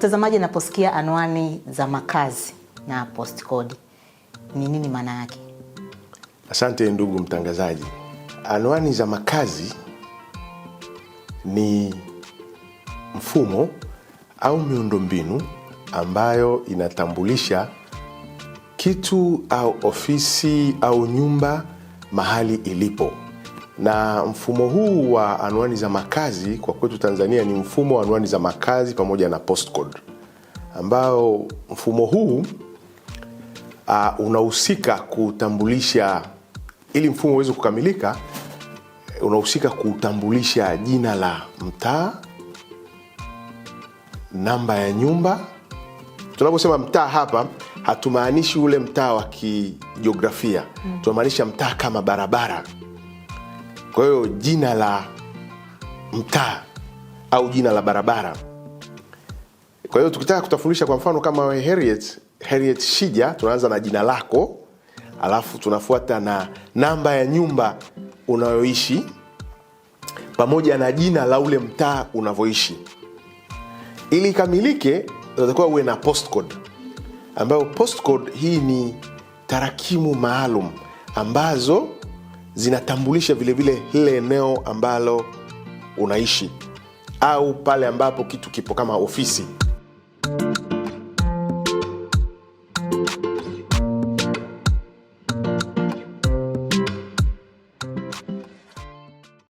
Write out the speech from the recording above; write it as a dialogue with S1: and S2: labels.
S1: mtazamaji anaposikia anwani za makazi na postkodi ni nini maana yake?
S2: Asante ndugu mtangazaji, anwani za makazi ni mfumo au miundombinu ambayo inatambulisha kitu au ofisi au nyumba mahali ilipo na mfumo huu wa anwani za makazi kwa kwetu Tanzania ni mfumo wa anwani za makazi pamoja na postcode, ambao mfumo huu uh, unahusika kutambulisha, ili mfumo uweze kukamilika, unahusika kutambulisha jina la mtaa, namba ya nyumba. Tunaposema mtaa hapa hatumaanishi ule mtaa wa kijiografia, mm. tunamaanisha mtaa kama barabara kwa hiyo jina la mtaa au jina la barabara. Kwa hiyo tukitaka kutafundisha kwa mfano kama Harriet, Harriet Shija, tunaanza na jina lako alafu tunafuata na namba ya nyumba unayoishi pamoja na jina la ule mtaa unavyoishi. Ili ikamilike, unatakiwa uwe na postcode, ambayo postcode hii ni tarakimu maalum ambazo zinatambulisha vilevile lile eneo ambalo unaishi au pale ambapo kitu kipo kama ofisi.